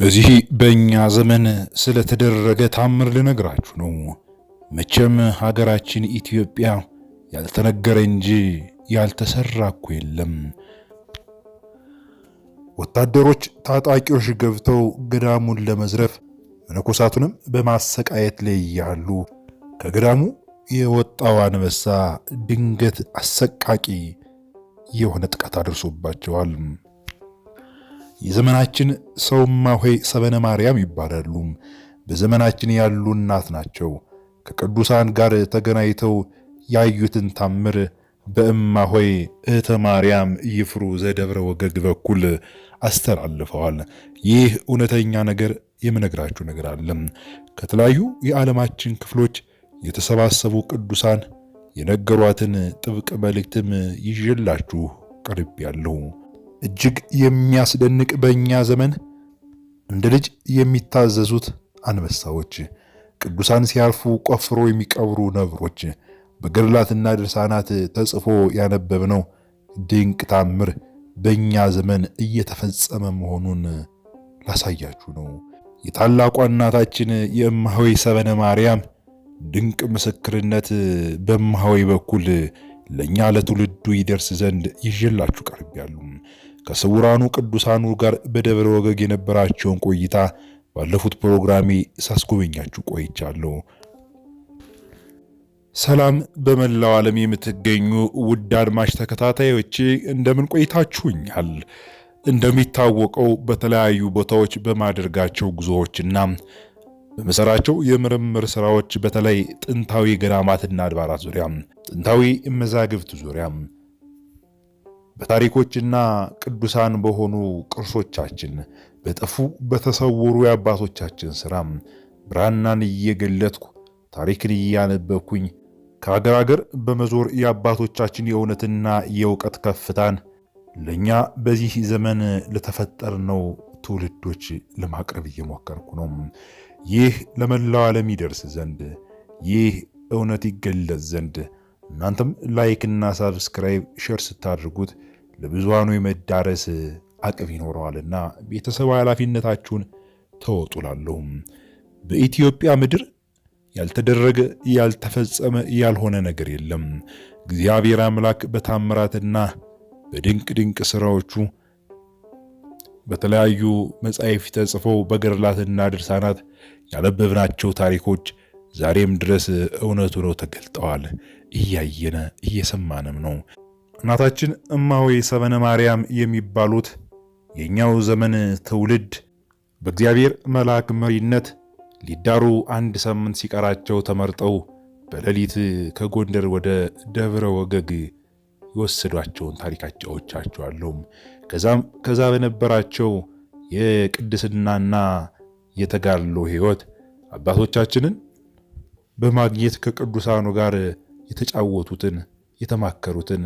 በዚህ በእኛ ዘመን ስለተደረገ ታምር ልነግራችሁ ነው። መቼም ሀገራችን ኢትዮጵያ ያልተነገረ እንጂ ያልተሰራ እኮ የለም። ወታደሮች፣ ታጣቂዎች ገብተው ገዳሙን ለመዝረፍ መነኮሳቱንም በማሰቃየት ላይ እያሉ ከገዳሙ የወጣው አንበሳ ድንገት አሰቃቂ የሆነ ጥቃት አድርሶባቸዋል። የዘመናችን ሰው እማሆይ ሰበነ ማርያም ይባላሉ። በዘመናችን ያሉ እናት ናቸው። ከቅዱሳን ጋር ተገናኝተው ያዩትን ታምር በእማሆይ እህተ ማርያም ይፍሩ ዘደብረ ወገግ በኩል አስተላልፈዋል። ይህ እውነተኛ ነገር የምነግራችሁ ነገር አለም። ከተለያዩ የዓለማችን ክፍሎች የተሰባሰቡ ቅዱሳን የነገሯትን ጥብቅ መልእክትም ይዤላችሁ ቀርቤ ያለሁ። እጅግ የሚያስደንቅ በእኛ ዘመን እንደ ልጅ የሚታዘዙት አንበሳዎች፣ ቅዱሳን ሲያርፉ ቆፍሮ የሚቀብሩ ነብሮች፣ በገድላትና ድርሳናት ተጽፎ ያነበብነው ድንቅ ታምር በእኛ ዘመን እየተፈጸመ መሆኑን ላሳያችሁ ነው። የታላቋ እናታችን የእማሆይ ሰበነ ማርያም ድንቅ ምስክርነት በእማሆይ በኩል ለእኛ ለትውልዱ ይደርስ ዘንድ ይዤላችሁ ቀርቤያለሁ። ከስውራኑ ቅዱሳኑ ጋር በደብረ ወገግ የነበራቸውን ቆይታ ባለፉት ፕሮግራሜ ሳስጎበኛችሁ ቆይቻለሁ። ሰላም በመላው ዓለም የምትገኙ ውድ አድማጭ ተከታታዮቼ እንደምን ቆይታችሁኛል? እንደሚታወቀው በተለያዩ ቦታዎች በማደርጋቸው ጉዞዎችና በመሰራቸው የምርምር ስራዎች በተለይ ጥንታዊ ገዳማትና አድባራት ዙሪያ፣ ጥንታዊ መዛግብት ዙሪያ በታሪኮችና ቅዱሳን በሆኑ ቅርሶቻችን በጠፉ በተሰወሩ የአባቶቻችን ስራ ብራናን እየገለጥኩ ታሪክን እያነበብኩኝ ከአገር አገር በመዞር የአባቶቻችን የእውነትና የእውቀት ከፍታን ለእኛ በዚህ ዘመን ለተፈጠርነው ትውልዶች ለማቅረብ እየሞከርኩ ነው። ይህ ለመላው ዓለም ይደርስ ዘንድ ይህ እውነት ይገለጽ ዘንድ እናንተም ላይክና ሳብስክራይብ ሼር ስታድርጉት ለብዙሃኑ የመዳረስ አቅም ይኖረዋልና ቤተሰብ ኃላፊነታችሁን ተወጡላለሁ። በኢትዮጵያ ምድር ያልተደረገ ያልተፈጸመ ያልሆነ ነገር የለም። እግዚአብሔር አምላክ በታምራትና በድንቅ ድንቅ ስራዎቹ በተለያዩ መጻሕፍት ተጽፈው በገድላትና ድርሳናት ያነበብናቸው ታሪኮች ዛሬም ድረስ እውነቱ ነው ተገልጠዋል። እያየነ እየሰማንም ነው። እናታችን እማሆይ ሰበነ ማርያም የሚባሉት የእኛው ዘመን ትውልድ በእግዚአብሔር መልአክ መሪነት ሊዳሩ አንድ ሳምንት ሲቀራቸው ተመርጠው በሌሊት ከጎንደር ወደ ደብረ ወገግ የወሰዷቸውን ታሪክ አጫውቻችኋለሁ። ከዛም ከዛ በነበራቸው የቅድስናና የተጋድሎ ሕይወት አባቶቻችንን በማግኘት ከቅዱሳኑ ጋር የተጫወቱትን የተማከሩትን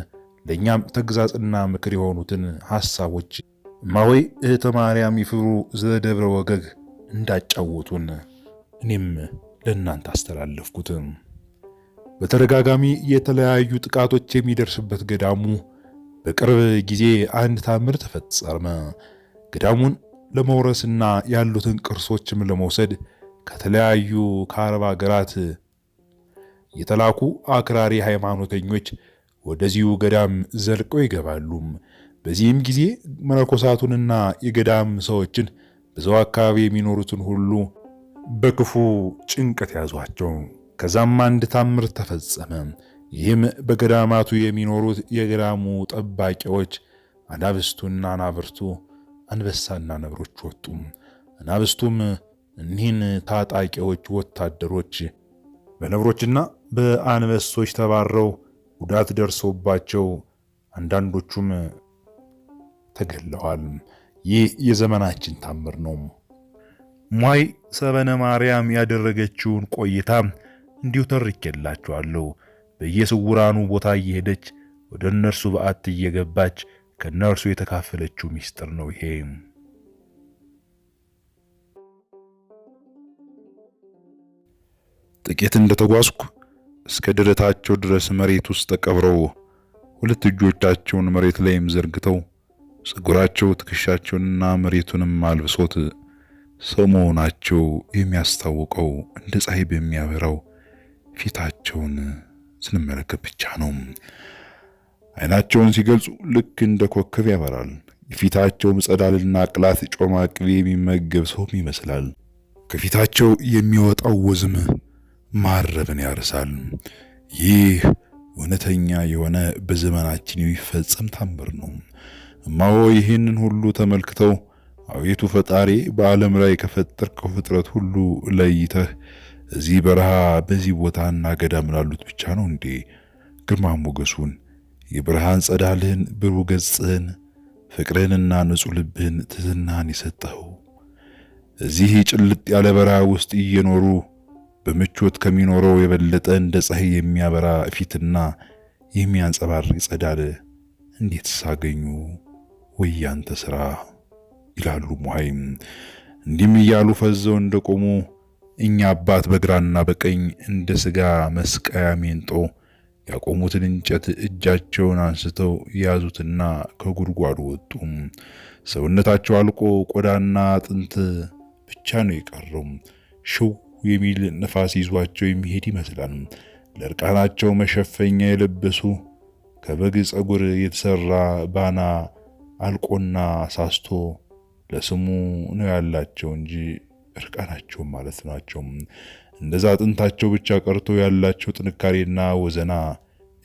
ለእኛም ተግዛጽና ምክር የሆኑትን ሐሳቦች እማሆይ እህተ ማርያም ይፍሩ ዘደብረ ወገግ እንዳጫወቱን እኔም ለእናንተ አስተላለፍኩት። በተደጋጋሚ የተለያዩ ጥቃቶች የሚደርስበት ገዳሙ በቅርብ ጊዜ አንድ ታምር ተፈጸመ። ገዳሙን ለመውረስና ያሉትን ቅርሶችም ለመውሰድ ከተለያዩ ከአረብ ሀገራት የተላኩ አክራሪ ሃይማኖተኞች ወደዚሁ ገዳም ዘልቀው ይገባሉ በዚህም ጊዜ መነኮሳቱንና የገዳም ሰዎችን በዛው አካባቢ የሚኖሩትን ሁሉ በክፉ ጭንቀት ያዟቸው። ከዛም አንድ ታምር ተፈጸመ። ይህም በገዳማቱ የሚኖሩት የገዳሙ ጠባቂዎች አናብስቱና አናብርቱ አንበሳና ነብሮች ወጡ። አናብስቱም እኒህን ታጣቂዎች ወታደሮች በነብሮችና በአንበሶች ተባረው ጉዳት ደርሶባቸው አንዳንዶቹም ተገለዋል። ይህ የዘመናችን ታምር ነው። ሟይ ሰበነ ማርያም ያደረገችውን ቆይታ እንዲሁ ተርኬላችኋለሁ። በየስውራኑ ቦታ እየሄደች ወደ እነርሱ በዓት እየገባች ከእነርሱ የተካፈለችው ምስጢር ነው ይሄ። ጥቂት እንደተጓዝኩ እስከ ደረታቸው ድረስ መሬት ውስጥ ተቀብረው ሁለት እጆቻቸውን መሬት ላይም ዘርግተው ፀጉራቸው ትከሻቸውንና መሬቱንም አልብሶት ሰው መሆናቸው የሚያስታውቀው እንደ ፀሐይ በሚያበራው ፊታቸውን ስንመለከት ብቻ ነው። አይናቸውን ሲገልጹ ልክ እንደ ኮከብ ያበራል። የፊታቸውም ጸዳልና ቅላት ጮማ ቅቤ የሚመገብ ሰውም ይመስላል። ከፊታቸው የሚወጣው ወዝም ማረብን ያርሳል። ይህ እውነተኛ የሆነ በዘመናችን የሚፈጸም ታምር ነው። እማሆ ይህንን ሁሉ ተመልክተው አቤቱ ፈጣሪ በዓለም ላይ ከፈጠርከው ፍጥረት ሁሉ ለይተህ እዚህ በረሃ በዚህ ቦታና ገዳም ላሉት ብቻ ነው እንዴ ግርማ ሞገሱን የብርሃን ጸዳልህን ብሩህ ገጽህን ፍቅርህንና ንጹሕ ልብህን ትሕትናህን የሰጠኸው እዚህ ጭልጥ ያለ በረሃ ውስጥ እየኖሩ በምቾት ከሚኖረው የበለጠ እንደ ፀሐይ የሚያበራ ፊትና የሚያንጸባርቅ ጸዳል እንዴት ሳገኙ ወይ ያንተ ስራ ይላሉ ሙሃይም። እንዲህም እያሉ ፈዘው እንደቆሙ እኛ አባት በግራና በቀኝ እንደ ስጋ መስቀያ ሜንጦ ያቆሙትን እንጨት እጃቸውን አንስተው ያዙትና ከጉድጓዱ ወጡም። ሰውነታቸው አልቆ ቆዳና አጥንት ብቻ ነው የቀረው። ሽው የሚል ነፋስ ይዟቸው የሚሄድ ይመስላል። ለእርቃናቸው መሸፈኛ የለበሱ ከበግ ጸጉር የተሰራ ባና አልቆና ሳስቶ ለስሙ ነው ያላቸው እንጂ እርቃናቸው ማለት ናቸው። እንደዛ አጥንታቸው ብቻ ቀርቶ ያላቸው ጥንካሬና ወዘና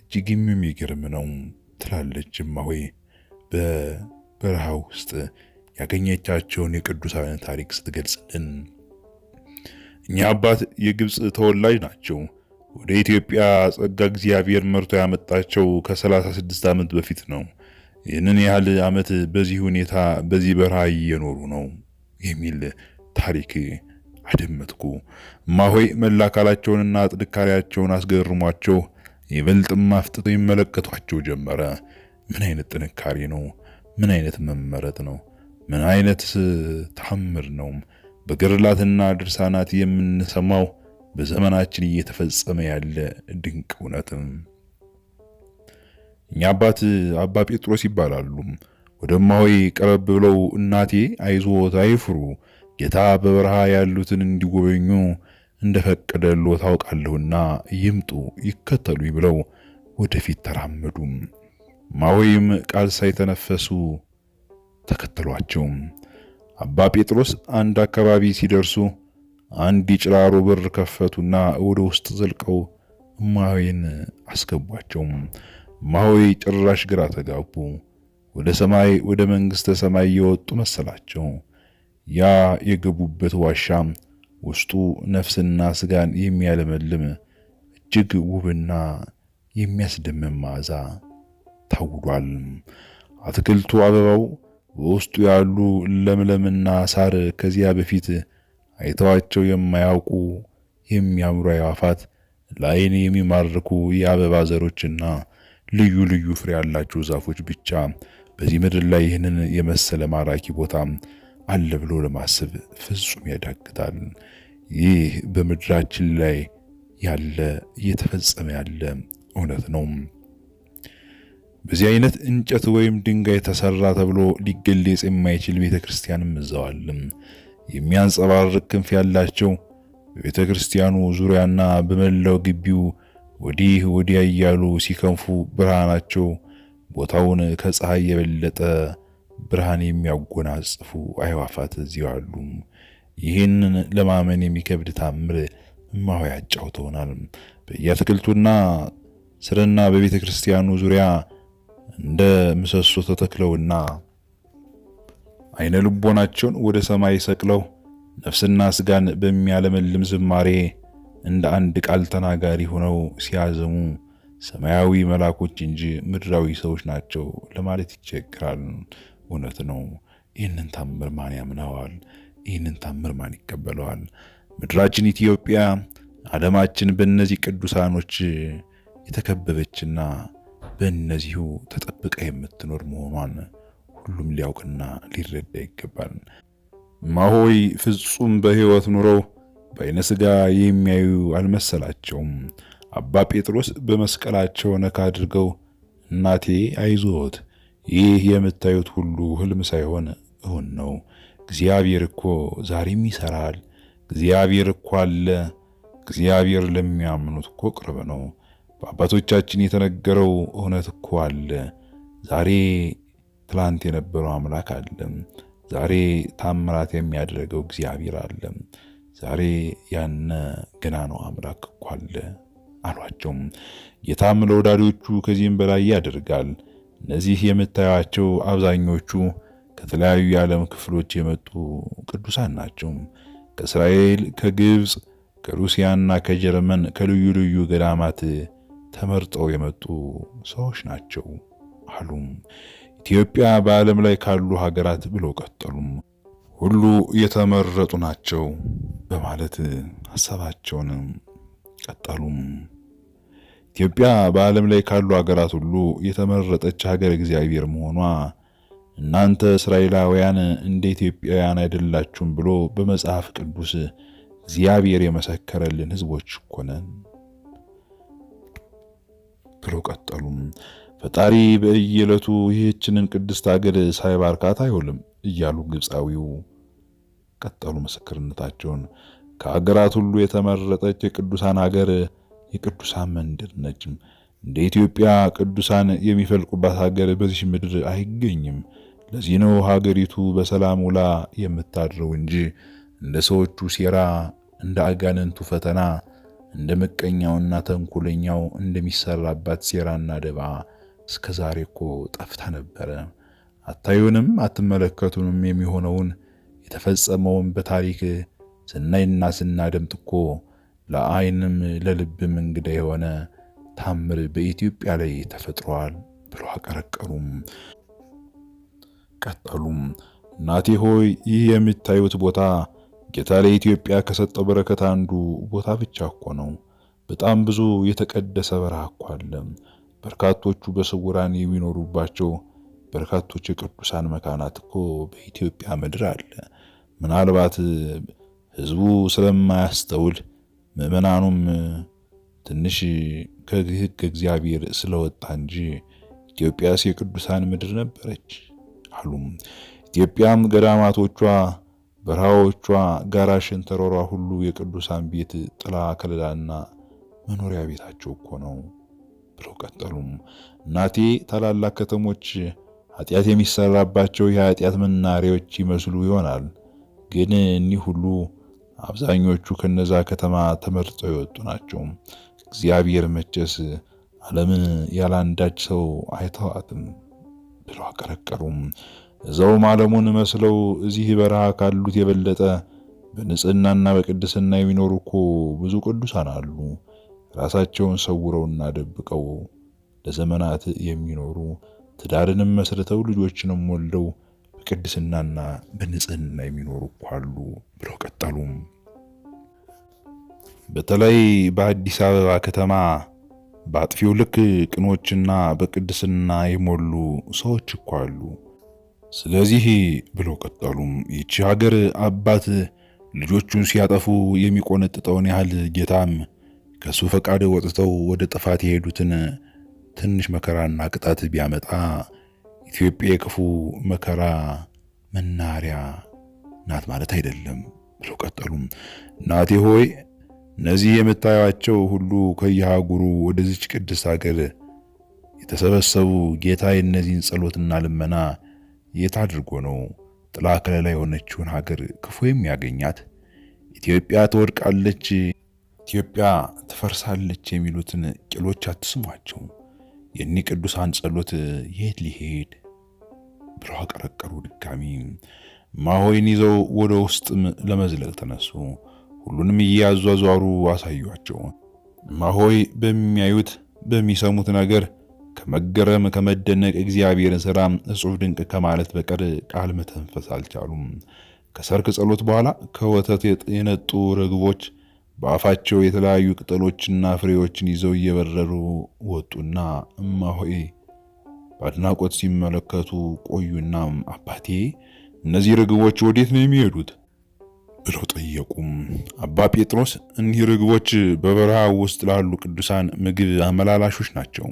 እጅግም የሚገርም ነው ትላለች እማሆይ በበረሃ ውስጥ ያገኘቻቸውን የቅዱሳን ታሪክ ስትገልጽልን እኛ አባት የግብፅ ተወላጅ ናቸው። ወደ ኢትዮጵያ ጸጋ እግዚአብሔር መርቶ ያመጣቸው ከ36 ዓመት በፊት ነው። ይህንን ያህል ዓመት በዚህ ሁኔታ በዚህ በረሃ እየኖሩ ነው የሚል ታሪክ አደመጥኩ። እማሆይ መላ አካላቸውንና ጥንካሬያቸውን አስገርሟቸው ይበልጥም አፍጥተው ይመለከቷቸው ጀመረ። ምን አይነት ጥንካሬ ነው? ምን አይነት መመረጥ ነው? ምን አይነት ታምር ነው? በገድላትና ድርሳናት የምንሰማው በዘመናችን እየተፈጸመ ያለ ድንቅ እውነትም። እኛ አባት አባ ጴጥሮስ ይባላሉ። ወደ ቀረብ ብለው እናቴ አይዞት፣ አይፍሩ ጌታ በበረሃ ያሉትን እንዲጎበኙ እንደፈቀደሎ ታውቃለሁና ይምጡ ይከተሉኝ ብለው ወደፊት ተራመዱ። እማሆይም ቃል ሳይተነፈሱ ተከተሏቸው። አባ ጴጥሮስ አንድ አካባቢ ሲደርሱ አንድ የጭራሮ በር ከፈቱና ወደ ውስጥ ዘልቀው እማሆይን አስገቧቸው። እማሆይ ጭራሽ ግራ ተጋቡ። ወደ ሰማይ ወደ መንግስተ ሰማይ የወጡ መሰላቸው። ያ የገቡበት ዋሻ ውስጡ ነፍስና ስጋን የሚያለመልም እጅግ ውብና የሚያስደምም መዓዛ ታውዷል። አትክልቱ፣ አበባው በውስጡ ያሉ ለምለምና ሳር ከዚያ በፊት አይተዋቸው የማያውቁ የሚያምሩ አዕዋፋት፣ ለአይን የሚማርኩ የአበባ ዘሮችና ልዩ ልዩ ፍሬ ያላቸው ዛፎች ብቻ በዚህ ምድር ላይ ይህንን የመሰለ ማራኪ ቦታ አለ ብሎ ለማሰብ ፍጹም ያዳግታል። ይህ በምድራችን ላይ ያለ እየተፈጸመ ያለ እውነት ነው። በዚህ አይነት እንጨት ወይም ድንጋይ ተሰራ ተብሎ ሊገለጽ የማይችል ቤተ ክርስቲያንም እዛው የሚያንጸባርቅ ክንፍ ያላቸው በቤተ ክርስቲያኑ ዙሪያና በመላው ግቢው ወዲህ ወዲያ እያሉ ሲከንፉ ብርሃናቸው ቦታውን ከፀሐይ የበለጠ ብርሃን የሚያጎናጽፉ አይዋፋት እዚህ አሉ። ይህንን ለማመን የሚከብድ ታምር እማሆይ አጫውተውናል። በየአትክልቱና ስርና በቤተ ክርስቲያኑ ዙሪያ እንደ ምሰሶ ተተክለውና አይነ ልቦናቸውን ወደ ሰማይ ሰቅለው ነፍስና ስጋን በሚያለመልም ዝማሬ እንደ አንድ ቃል ተናጋሪ ሆነው ሲያዘሙ ሰማያዊ መላኮች እንጂ ምድራዊ ሰዎች ናቸው ለማለት ይቸግራል። እውነት ነው። ይህንን ታምር ማን ያምነዋል? ይህንን ታምር ማን ይቀበለዋል? ምድራችን ኢትዮጵያ፣ ዓለማችን በእነዚህ ቅዱሳኖች የተከበበችና በእነዚሁ ተጠብቃ የምትኖር መሆኗን ሁሉም ሊያውቅና ሊረዳ ይገባል። ማሆይ ፍጹም በሕይወት ኑረው በአይነ ሥጋ የሚያዩ አልመሰላቸውም። አባ ጴጥሮስ በመስቀላቸው ነካ አድርገው እናቴ አይዞት፣ ይህ የምታዩት ሁሉ ህልም ሳይሆን እሁን ነው። እግዚአብሔር እኮ ዛሬም ይሰራል። እግዚአብሔር እኮ አለ። እግዚአብሔር ለሚያምኑት እኮ ቅርብ ነው። በአባቶቻችን የተነገረው እውነት እኮ አለ። ዛሬ ትላንት የነበረው አምላክ አለም። ዛሬ ታምራት የሚያደርገው እግዚአብሔር አለም። ዛሬ ያነ ገና ነው አምላክ እኮ አለ አሏቸውም። ጌታም ለወዳዶቹ ከዚህም በላይ ያደርጋል። እነዚህ የምታዩቸው አብዛኞቹ ከተለያዩ የዓለም ክፍሎች የመጡ ቅዱሳን ናቸው። ከእስራኤል፣ ከግብፅ፣ ከሩሲያና ከጀርመን ከልዩ ልዩ ገዳማት ተመርጠው የመጡ ሰዎች ናቸው አሉም። ኢትዮጵያ በዓለም ላይ ካሉ ሀገራት ብለው ቀጠሉም። ሁሉ የተመረጡ ናቸው በማለት ሀሳባቸውን ቀጠሉም። ኢትዮጵያ በዓለም ላይ ካሉ ሀገራት ሁሉ የተመረጠች ሀገር እግዚአብሔር መሆኗ እናንተ እስራኤላውያን እንደ ኢትዮጵያውያን አይደላችሁም ብሎ በመጽሐፍ ቅዱስ እግዚአብሔር የመሰከረልን ሕዝቦች እኮ ነን። አስከትለው ቀጠሉ። ፈጣሪ በየዕለቱ ይህችንን ቅድስት አገር ሳይባርካት አይውልም እያሉ ግብፃዊው ቀጠሉ ምስክርነታቸውን። ከሀገራት ሁሉ የተመረጠች የቅዱሳን ሀገር የቅዱሳን መንደር ነች። እንደ ኢትዮጵያ ቅዱሳን የሚፈልቁባት ሀገር በዚህ ምድር አይገኝም። ለዚህ ነው ሀገሪቱ በሰላም ውላ የምታድረው እንጂ እንደ ሰዎቹ ሴራ፣ እንደ አጋንንቱ ፈተና እንደ ምቀኛውና ተንኮለኛው እንደሚሰራባት ሴራና ደባ እስከ ዛሬ እኮ ጠፍታ ነበረ። አታዩንም፣ አትመለከቱንም የሚሆነውን የተፈጸመውን በታሪክ ስናይና ስናደምጥ እኮ ለአይንም ለልብም እንግዳ የሆነ ታምር በኢትዮጵያ ላይ ተፈጥሯል ብሎ አቀረቀሩም። ቀጠሉም እናቴ ሆይ ይህ የምታዩት ቦታ ጌታ ለኢትዮጵያ ከሰጠው በረከት አንዱ ቦታ ብቻ እኮ ነው። በጣም ብዙ የተቀደሰ በረሃ እኮ አለ። በርካቶቹ በስውራን የሚኖሩባቸው በርካቶች የቅዱሳን መካናት እኮ በኢትዮጵያ ምድር አለ። ምናልባት ህዝቡ ስለማያስተውል ምዕመናኑም ትንሽ ከህግ እግዚአብሔር ስለወጣ እንጂ ኢትዮጵያስ የቅዱሳን ምድር ነበረች አሉም። ኢትዮጵያም ገዳማቶቿ በረሃዎቿ ጋራሽን ተሯሯ ሁሉ የቅዱሳን ቤት ጥላ ከለላና መኖሪያ ቤታቸው እኮ ነው ብለው ቀጠሉም። እናቴ ታላላቅ ከተሞች ኃጢአት የሚሰራባቸው የኃጢአት መናሪያዎች ይመስሉ ይሆናል፣ ግን እኒህ ሁሉ አብዛኞቹ ከነዛ ከተማ ተመርጠው የወጡ ናቸው። እግዚአብሔር መቼስ ዓለምን ያለ አንዳች ሰው አይተዋትም ብለው አቀረቀሩም። እዛው ማለሙን መስለው እዚህ በረሃ ካሉት የበለጠ በንጽህናና በቅድስና የሚኖሩ እኮ ብዙ ቅዱሳን አሉ። ራሳቸውን ሰውረውና ደብቀው ለዘመናት የሚኖሩ ትዳርንም መስርተው ልጆችንም ወልደው በቅድስናና በንጽህና የሚኖሩ እኮ አሉ ብለው ቀጠሉም። በተለይ በአዲስ አበባ ከተማ በአጥፊው ልክ ቅኖችና በቅድስና የሞሉ ሰዎች እኮ አሉ። ስለዚህ ብለው ቀጠሉም ይቺ ሀገር አባት ልጆቹን ሲያጠፉ የሚቆነጥጠውን ያህል ጌታም ከሱ ፈቃድ ወጥተው ወደ ጥፋት የሄዱትን ትንሽ መከራና ቅጣት ቢያመጣ ኢትዮጵያ የክፉ መከራ መናሪያ ናት ማለት አይደለም ብለው ቀጠሉም። እናቴ ሆይ እነዚህ የምታዩቸው ሁሉ ከየሀጉሩ ወደዚች ቅድስት ሀገር የተሰበሰቡ ጌታ የእነዚህን ጸሎትና ልመና የት አድርጎ ነው ጥላ ከለላ የሆነችውን ሀገር ክፉ የሚያገኛት? ኢትዮጵያ ትወድቃለች፣ ኢትዮጵያ ትፈርሳለች የሚሉትን ቂሎች አትስሟቸው። የኒ ቅዱሳን ጸሎት የት ሊሄድ ብለው አቀረቀሩ። ድጋሚ ማሆይን ይዘው ወደ ውስጥም ለመዝለቅ ተነሱ። ሁሉንም እያዟዟሩ አሳዩቸው። ማሆይ በሚያዩት በሚሰሙት ነገር ከመገረም ከመደነቅ እግዚአብሔርን ስራ እጹብ ድንቅ ከማለት በቀር ቃል መተንፈስ አልቻሉም። ከሰርክ ጸሎት በኋላ ከወተት የነጡ ርግቦች በአፋቸው የተለያዩ ቅጠሎችና ፍሬዎችን ይዘው እየበረሩ ወጡና እማሆይ በአድናቆት ሲመለከቱ ቆዩና አባቴ እነዚህ ርግቦች ወዴት ነው የሚሄዱት ብለው ጠየቁም። አባ ጴጥሮስ እኒህ ርግቦች በበረሃ ውስጥ ላሉ ቅዱሳን ምግብ አመላላሾች ናቸው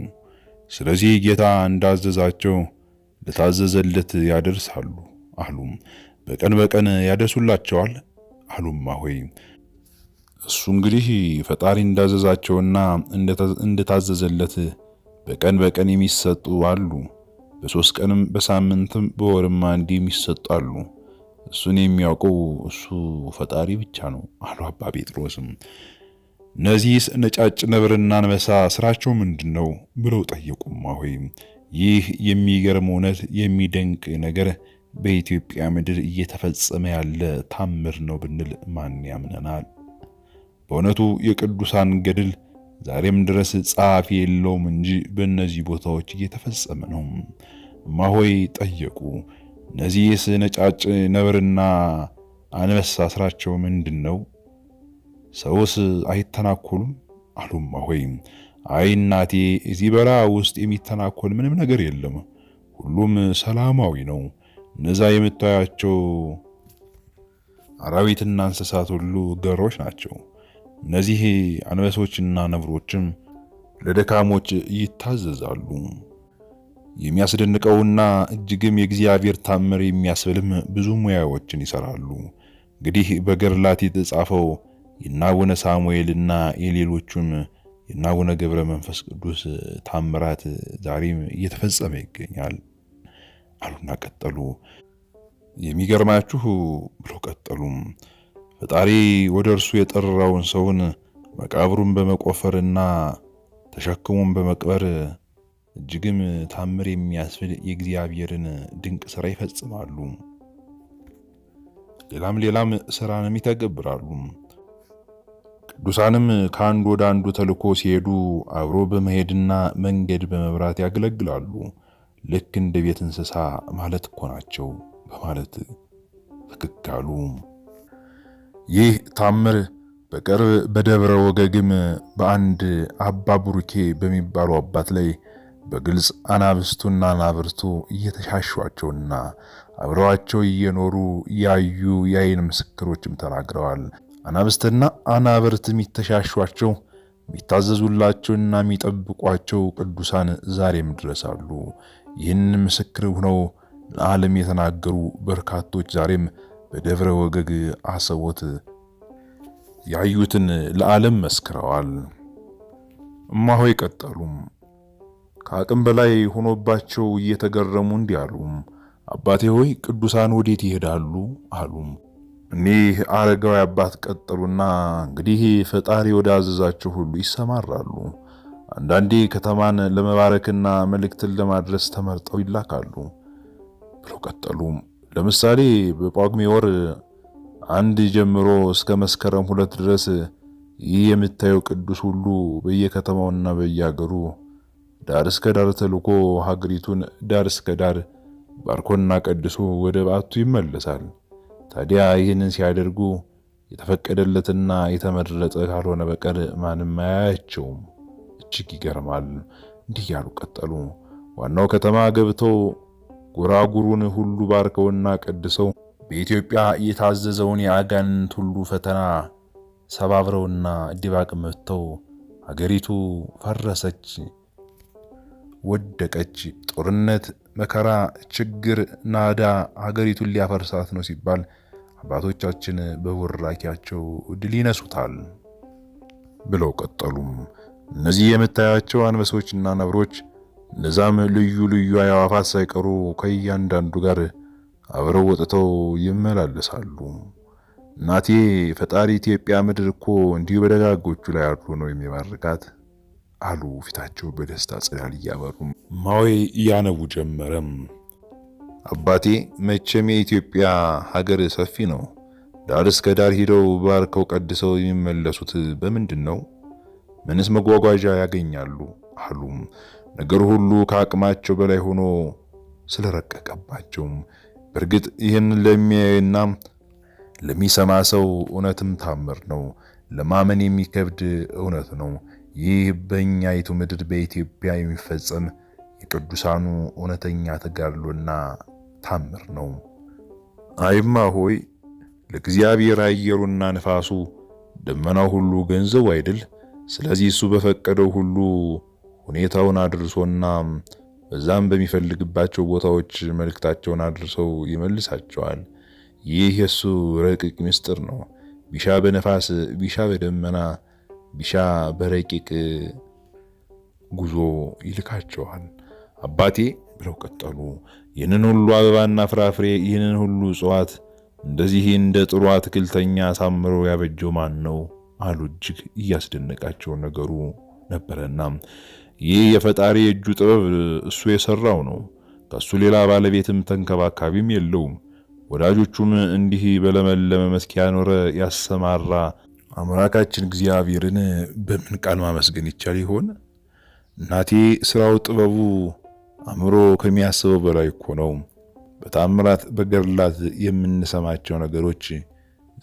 ስለዚህ ጌታ እንዳዘዛቸው ለታዘዘለት ያደርሳሉ አሉም። በቀን በቀን ያደርሱላቸዋል አሉማ ሆይ እሱ እንግዲህ ፈጣሪ እንዳዘዛቸውና እንደታዘዘለት በቀን በቀን የሚሰጡ አሉ። በሶስት ቀንም በሳምንትም በወርማ እንዲህ የሚሰጡ አሉ። እሱን የሚያውቀው እሱ ፈጣሪ ብቻ ነው አሉ አባ ጴጥሮስም እነዚህስ ነጫጭ ነብርና አንበሳ ስራቸው ምንድን ነው ብለው ጠየቁ ሆይ። ይህ የሚገርም እውነት የሚደንቅ ነገር በኢትዮጵያ ምድር እየተፈጸመ ያለ ታምር ነው ብንል ማን ያምነናል? በእውነቱ የቅዱሳን ገድል ዛሬም ድረስ ጸሐፊ የለውም እንጂ በእነዚህ ቦታዎች እየተፈጸመ ነው። ማሆይ ጠየቁ፣ እነዚህስ ነጫጭ ነብርና አንበሳ ስራቸው ምንድን ነው ሰውስ አይተናኮሉም አሉም ሆይ አይ እናቴ፣ እዚህ በላ ውስጥ የሚተናኮል ምንም ነገር የለም። ሁሉም ሰላማዊ ነው። እነዛ የምታያቸው አራዊትና እንስሳት ሁሉ ገሮች ናቸው። እነዚህ አንበሶችና ነብሮችም ለደካሞች ይታዘዛሉ። የሚያስደንቀውና እጅግም የእግዚአብሔር ታምር የሚያስብልም ብዙ ሙያዎችን ይሰራሉ። እንግዲህ በገድላት የተጻፈው የናቡነ ሳሙኤልና የሌሎቹም የናቡነ ገብረ መንፈስ ቅዱስ ታምራት ዛሬም እየተፈጸመ ይገኛል አሉና ቀጠሉ። የሚገርማችሁ ብለው ቀጠሉም ፈጣሪ ወደ እርሱ የጠራውን ሰውን መቃብሩን በመቆፈርና ተሸክሙን በመቅበር እጅግም ታምር የሚያስብል የእግዚአብሔርን ድንቅ ስራ ይፈጽማሉ። ሌላም ሌላም ስራንም ይተገብራሉ። ቅዱሳንም ከአንዱ ወደ አንዱ ተልኮ ሲሄዱ አብሮ በመሄድና መንገድ በመብራት ያገለግላሉ። ልክ እንደ ቤት እንስሳ ማለት እኮ ናቸው በማለት ፈገግ አሉ። ይህ ታምር በቅርብ በደብረ ወገግም በአንድ አባ ቡሩኬ በሚባሉ አባት ላይ በግልጽ አናብስቱና አናብርቱ እየተሻሿቸውና አብረዋቸው እየኖሩ ያዩ የአይን ምስክሮችም ተናግረዋል። አናብስትና አናብርት የሚተሻሿቸው የሚታዘዙላቸውና የሚጠብቋቸው ቅዱሳን ዛሬም ድረስ አሉ። ይህን ምስክር ሆነው ለዓለም የተናገሩ በርካቶች ዛሬም በደብረ ወገግ አሰቦት ያዩትን ለዓለም መስክረዋል። እማሆ ቀጠሉም ከአቅም በላይ ሆኖባቸው እየተገረሙ እንዲህ አሉ። አባቴ ሆይ ቅዱሳን ወዴት ይሄዳሉ? አሉም እኒህ አረጋዊ አባት ቀጠሉና እንግዲህ ፈጣሪ ወደ አዘዛቸው ሁሉ ይሰማራሉ። አንዳንዴ ከተማን ለመባረክና መልእክትን ለማድረስ ተመርጠው ይላካሉ ብለው ቀጠሉ። ለምሳሌ በጳጉሜ ወር አንድ ጀምሮ እስከ መስከረም ሁለት ድረስ ይህ የምታየው ቅዱስ ሁሉ በየከተማውና በየሀገሩ ዳር እስከ ዳር ተልኮ ሀገሪቱን ዳር እስከ ዳር ባርኮና ቀድሶ ወደ በዓቱ ይመለሳል። ታዲያ ይህንን ሲያደርጉ የተፈቀደለትና የተመረጠ ካልሆነ በቀር ማንም አያያቸውም። እጅግ ይገርማል። እንዲህ ያሉ ቀጠሉ። ዋናው ከተማ ገብተው ጎራጉሩን ሁሉ ባርከውና ቀድሰው በኢትዮጵያ የታዘዘውን የአጋንንት ሁሉ ፈተና ሰባብረውና ድባቅ መትተው ሀገሪቱ ፈረሰች፣ ወደቀች። ጦርነት፣ መከራ፣ ችግር፣ ናዳ ሀገሪቱን ሊያፈርሳት ነው ሲባል አባቶቻችን በቡራኪያቸው ድል ይነሱታል ብለው ቀጠሉም። እነዚህ የምታያቸው አንበሶችና ነብሮች እነዛም ልዩ ልዩ አዕዋፋት ሳይቀሩ ከእያንዳንዱ ጋር አብረው ወጥተው ይመላለሳሉ። እናቴ ፈጣሪ ኢትዮጵያ ምድር እኮ እንዲሁ በደጋጎቹ ላይ አሉ ነው የሚማርካት አሉ ፊታቸው በደስታ ጽላል እያበሩ ማወይ እያነቡ ጀመረም። አባቴ መቼም የኢትዮጵያ ሀገር ሰፊ ነው። ዳር እስከ ዳር ሂደው ባርከው ቀድሰው የሚመለሱት በምንድን ነው? ምንስ መጓጓዣ ያገኛሉ? አሉም። ነገር ሁሉ ከአቅማቸው በላይ ሆኖ ስለረቀቀባቸውም በእርግጥ ይህን ለሚያይና ለሚሰማ ሰው እውነትም ታምር ነው። ለማመን የሚከብድ እውነት ነው። ይህ በእኛይቱ ምድር በኢትዮጵያ የሚፈጸም የቅዱሳኑ እውነተኛ ተጋድሎና ታምር ነው። አይማ ሆይ ለእግዚአብሔር አየሩና ንፋሱ ደመናው ሁሉ ገንዘቡ አይደል? ስለዚህ እሱ በፈቀደው ሁሉ ሁኔታውን አድርሶና በዛም በሚፈልግባቸው ቦታዎች መልእክታቸውን አድርሰው ይመልሳቸዋል። ይህ የእሱ ረቂቅ ምስጢር ነው። ቢሻ በነፋስ ቢሻ በደመና ቢሻ በረቂቅ ጉዞ ይልካቸዋል። አባቴ ብለው ቀጠሉ። ይህንን ሁሉ አበባና ፍራፍሬ፣ ይህንን ሁሉ እጽዋት እንደዚህ እንደ ጥሩ አትክልተኛ አሳምሮ ያበጀው ማን ነው አሉ። እጅግ እያስደነቃቸው ነገሩ ነበረና ይህ የፈጣሪ የእጁ ጥበብ እሱ የሰራው ነው። ከሱ ሌላ ባለቤትም ተንከባካቢም የለውም። ወዳጆቹም እንዲህ በለመለመ መስክ ያኖረ ያሰማራ አምራካችን እግዚአብሔርን በምን ቃል ማመስገን ይቻል ይሆን? እናቴ ስራው ጥበቡ አእምሮ ከሚያስበው በላይ እኮ ነው። በታምራት በገድላት የምንሰማቸው ነገሮች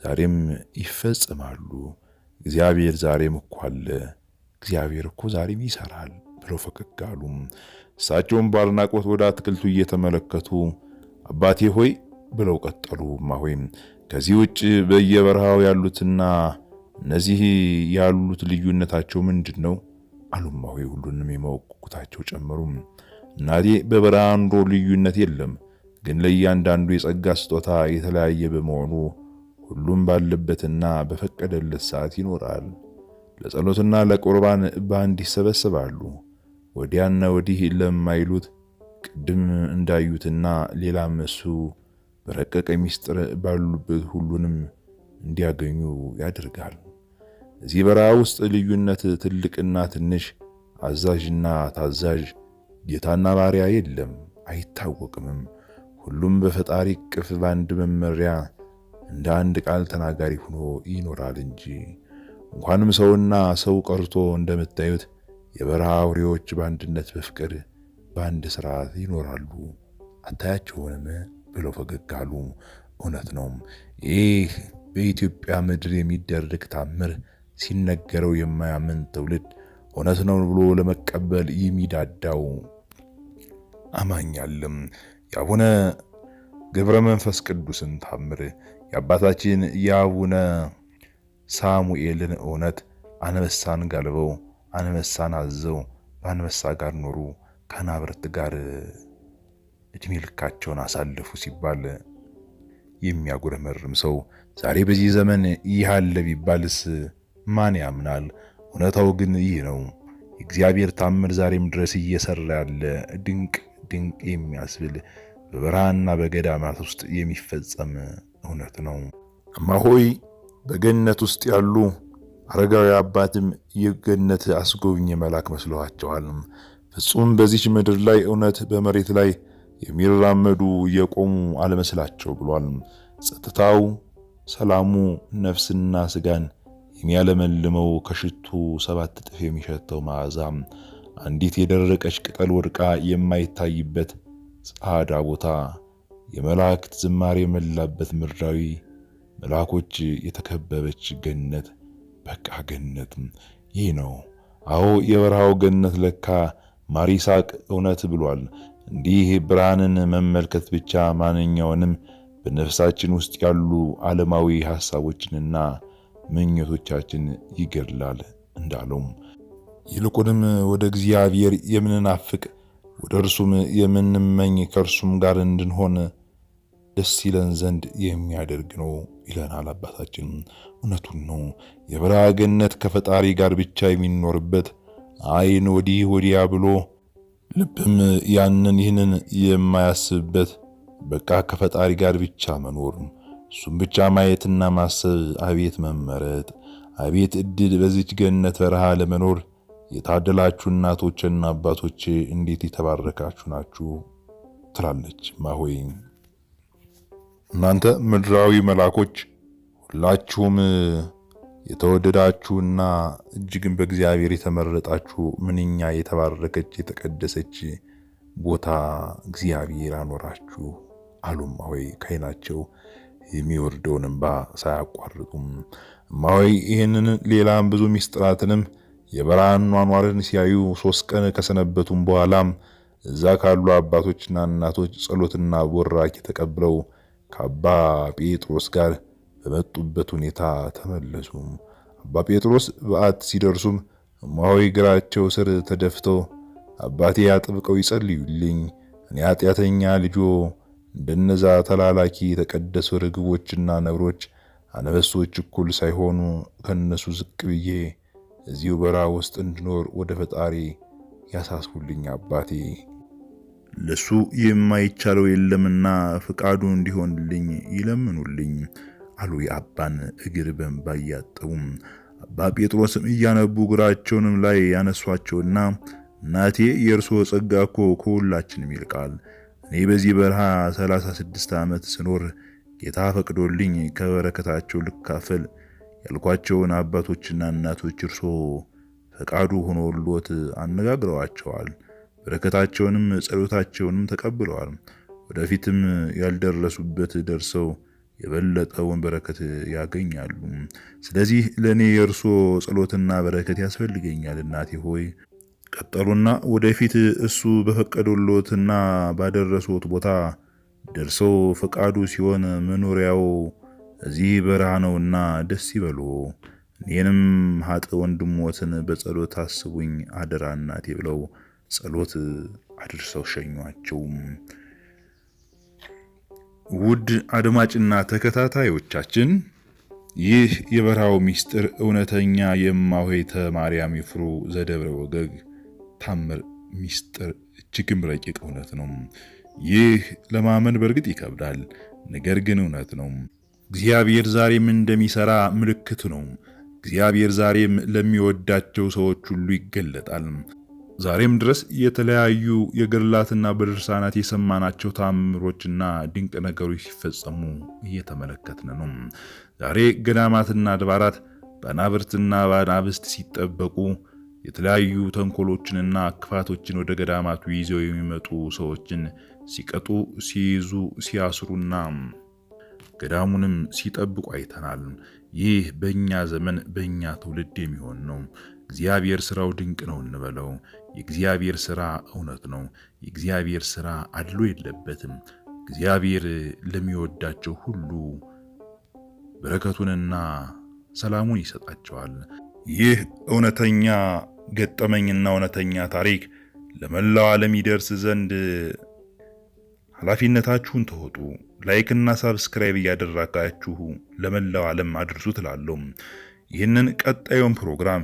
ዛሬም ይፈጽማሉ እግዚአብሔር ዛሬም እኮ አለ፣ እግዚአብሔር እኮ ዛሬም ይሰራል ብለው ፈገግ አሉ። እሳቸውም በአድናቆት ወደ አትክልቱ እየተመለከቱ አባቴ ሆይ ብለው ቀጠሉ። ማሆይ ከዚህ ውጭ በየበረሃው ያሉትና እነዚህ ያሉት ልዩነታቸው ምንድን ነው? አሉማሆይ ሁሉንም የመወቁታቸው ጨመሩም። እናቴ በበረሃ ኑሮ ልዩነት የለም፣ ግን ለእያንዳንዱ የጸጋ ስጦታ የተለያየ በመሆኑ ሁሉም ባለበትና በፈቀደለት ሰዓት ይኖራል። ለጸሎትና ለቁርባን በአንድ ይሰበስባሉ። ወዲያና ወዲህ ለማይሉት ቅድም እንዳዩትና ሌላም እሱ በረቀቀ ሚስጥር ባሉበት ሁሉንም እንዲያገኙ ያደርጋል። እዚህ በረሃ ውስጥ ልዩነት ትልቅና ትንሽ፣ አዛዥና ታዛዥ ጌታና ባሪያ የለም፣ አይታወቅምም። ሁሉም በፈጣሪ ቅፍ በአንድ መመሪያ እንደ አንድ ቃል ተናጋሪ ሆኖ ይኖራል እንጂ እንኳንም ሰውና ሰው ቀርቶ እንደምታዩት የበረሃ አውሬዎች በአንድነት በፍቅር በአንድ ስርዓት ይኖራሉ። አታያቸውንም ብለው ፈገግ አሉ። እውነት ነው። ይህ በኢትዮጵያ ምድር የሚደረግ ታምር ሲነገረው የማያምን ትውልድ እውነት ነው ብሎ ለመቀበል የሚዳዳው አማኛለም የአቡነ ገብረ መንፈስ ቅዱስን ታምር የአባታችን የአቡነ ሳሙኤልን እውነት አንበሳን ጋልበው አንበሳን አዘው በአንበሳ ጋር ኖሩ፣ ከናብረት ጋር እድሜ ልካቸውን አሳልፉ ሲባል የሚያጉረመርም ሰው ዛሬ በዚህ ዘመን ይህ አለ ቢባልስ ማን ያምናል? እውነታው ግን ይህ ነው። የእግዚአብሔር ታምር ዛሬም ድረስ እየሰራ ያለ ድንቅ ድንቅ የሚያስብል በበረሃና በገዳማት ውስጥ የሚፈጸም እውነት ነው። እማሆይ በገነት ውስጥ ያሉ አረጋዊ አባትም የገነት አስጎብኝ መልአክ መስለዋቸዋል። ፍጹም በዚች ምድር ላይ እውነት በመሬት ላይ የሚራመዱ እየቆሙ አልመስላቸው ብሏል። ጸጥታው፣ ሰላሙ ነፍስና ስጋን የሚያለመልመው ከሽቱ ሰባት እጥፍ የሚሸተው መዓዛም አንዲት የደረቀች ቅጠል ወድቃ የማይታይበት ጻዳ ቦታ የመላእክት ዝማሬ የመላበት ምድራዊ መልአኮች የተከበበች ገነት። በቃ ገነት ይህ ነው። አዎ የበረሃው ገነት ለካ ማሪሳቅ እውነት ብሏል። እንዲህ ብርሃንን መመልከት ብቻ ማንኛውንም በነፍሳችን ውስጥ ያሉ ዓለማዊ ሐሳቦችንና ምኞቶቻችን ይገድላል እንዳለውም ይልቁንም ወደ እግዚአብሔር የምንናፍቅ ወደ እርሱም የምንመኝ ከእርሱም ጋር እንድንሆን ደስ ይለን ዘንድ የሚያደርግ ነው ይለናል አባታችን። እውነቱን ነው። የበረሃ ገነት ከፈጣሪ ጋር ብቻ የሚኖርበት ዓይን ወዲህ ወዲያ ብሎ ልብም ያንን ይህንን የማያስብበት በቃ ከፈጣሪ ጋር ብቻ መኖር እሱም ብቻ ማየትና ማሰብ፣ አቤት መመረጥ፣ አቤት እድል! በዚች ገነት በረሃ ለመኖር የታደላችሁ እናቶችና አባቶቼ እንዴት የተባረካችሁ ናችሁ ትላለች ማሆይ። እናንተ ምድራዊ መላኮች ሁላችሁም የተወደዳችሁና እጅግን በእግዚአብሔር የተመረጣችሁ ምንኛ የተባረከች የተቀደሰች ቦታ እግዚአብሔር አኖራችሁ አሉም ማሆይ ካይናቸው የሚወርደውን እንባ ሳያቋርጡም እማሆይ ይህንን ሌላም ብዙ ሚስጥራትንም የበረሃ ኗኗርን ሲያዩ ሶስት ቀን ከሰነበቱም በኋላም እዛ ካሉ አባቶችና እናቶች ጸሎትና ቦራኪ ተቀብለው ከአባ ጴጥሮስ ጋር በመጡበት ሁኔታ ተመለሱ። አባ ጴጥሮስ በዓት ሲደርሱም እማሆይ እግራቸው ስር ተደፍተው አባቴ አጥብቀው ይጸልዩልኝ፣ እኔ ኃጢአተኛ ልጆ እንደነዛ ተላላኪ የተቀደሱ ርግቦችና ነብሮች፣ አነበሶች እኩል ሳይሆኑ ከነሱ ዝቅ ብዬ እዚሁ በራ ውስጥ እንድኖር ወደ ፈጣሪ ያሳስኩልኝ አባቴ። ለሱ የማይቻለው የለምና ፍቃዱ እንዲሆንልኝ ይለምኑልኝ አሉ የአባን እግር በንባ እያጠቡም። አባ ጴጥሮስም እያነቡ እግራቸውንም ላይ ያነሷቸውና እናቴ የእርስዎ ጸጋ እኮ ከሁላችንም ይልቃል እኔ በዚህ በረሃ 36 ዓመት ስኖር ጌታ ፈቅዶልኝ ከበረከታቸው ልካፈል ያልኳቸውን አባቶችና እናቶች እርሶ ፈቃዱ ሆኖሎት አነጋግረዋቸዋል። በረከታቸውንም ጸሎታቸውንም ተቀብለዋል። ወደፊትም ያልደረሱበት ደርሰው የበለጠውን በረከት ያገኛሉ። ስለዚህ ለእኔ የእርሶ ጸሎትና በረከት ያስፈልገኛል። እናቴ ሆይ ቀጠሉና ወደፊት እሱ በፈቀዶሎትና ባደረሱት ቦታ ደርሰው ፈቃዱ ሲሆን መኖሪያው እዚህ በረሃ ነውና ደስ ይበሉ። እኔንም ሀጥ ወንድሞትን በጸሎት አስቡኝ አደራ እናቴ ብለው ጸሎት አድርሰው ሸኟቸው። ውድ አድማጭና ተከታታዮቻችን ይህ የበረሃው ሚስጥር እውነተኛ የማሆይተ ማርያም ይፍሩ ዘደብረ ወገግ ታምር ሚስጥር እጅግም ረቂቅ እውነት ነው። ይህ ለማመን በእርግጥ ይከብዳል፣ ነገር ግን እውነት ነው። እግዚአብሔር ዛሬም እንደሚሰራ ምልክት ነው። እግዚአብሔር ዛሬም ለሚወዳቸው ሰዎች ሁሉ ይገለጣል። ዛሬም ድረስ የተለያዩ የገድላትና በድርሳናት የሰማናቸው ታምሮችና ድንቅ ነገሮች ሲፈጸሙ እየተመለከትን ነው። ዛሬ ገዳማትና አድባራት በአናብርትና በአናብስት ሲጠበቁ የተለያዩ ተንኮሎችንና ክፋቶችን ወደ ገዳማቱ ይዘው የሚመጡ ሰዎችን ሲቀጡ፣ ሲይዙ፣ ሲያስሩና ገዳሙንም ሲጠብቁ አይተናል። ይህ በእኛ ዘመን በእኛ ትውልድ የሚሆን ነው። እግዚአብሔር ስራው ድንቅ ነው እንበለው። የእግዚአብሔር ስራ እውነት ነው። የእግዚአብሔር ስራ አድሎ የለበትም። እግዚአብሔር ለሚወዳቸው ሁሉ በረከቱንና ሰላሙን ይሰጣቸዋል። ይህ እውነተኛ ገጠመኝና እውነተኛ ታሪክ ለመላው ዓለም ይደርስ ዘንድ ኃላፊነታችሁን ተወጡ። ላይክና ሳብስክራይብ እያደረጋችሁ ለመላው ዓለም አድርሱ ትላለሁ። ይህንን ቀጣዩን ፕሮግራም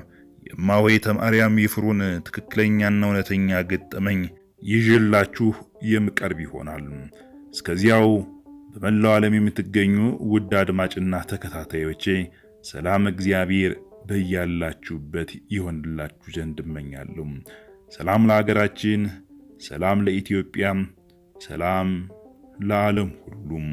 የእማሆይ ተማርያም ይፍሩን ትክክለኛና እውነተኛ ገጠመኝ ይዤላችሁ የምቀርብ ይሆናል። እስከዚያው በመላው ዓለም የምትገኙ ውድ አድማጭና ተከታታዮቼ ሰላም፣ እግዚአብሔር በያላችሁበት ይሆንላችሁ ዘንድ እመኛለሁ። ሰላም ለሀገራችን፣ ሰላም ለኢትዮጵያ፣ ሰላም ለዓለም ሁሉም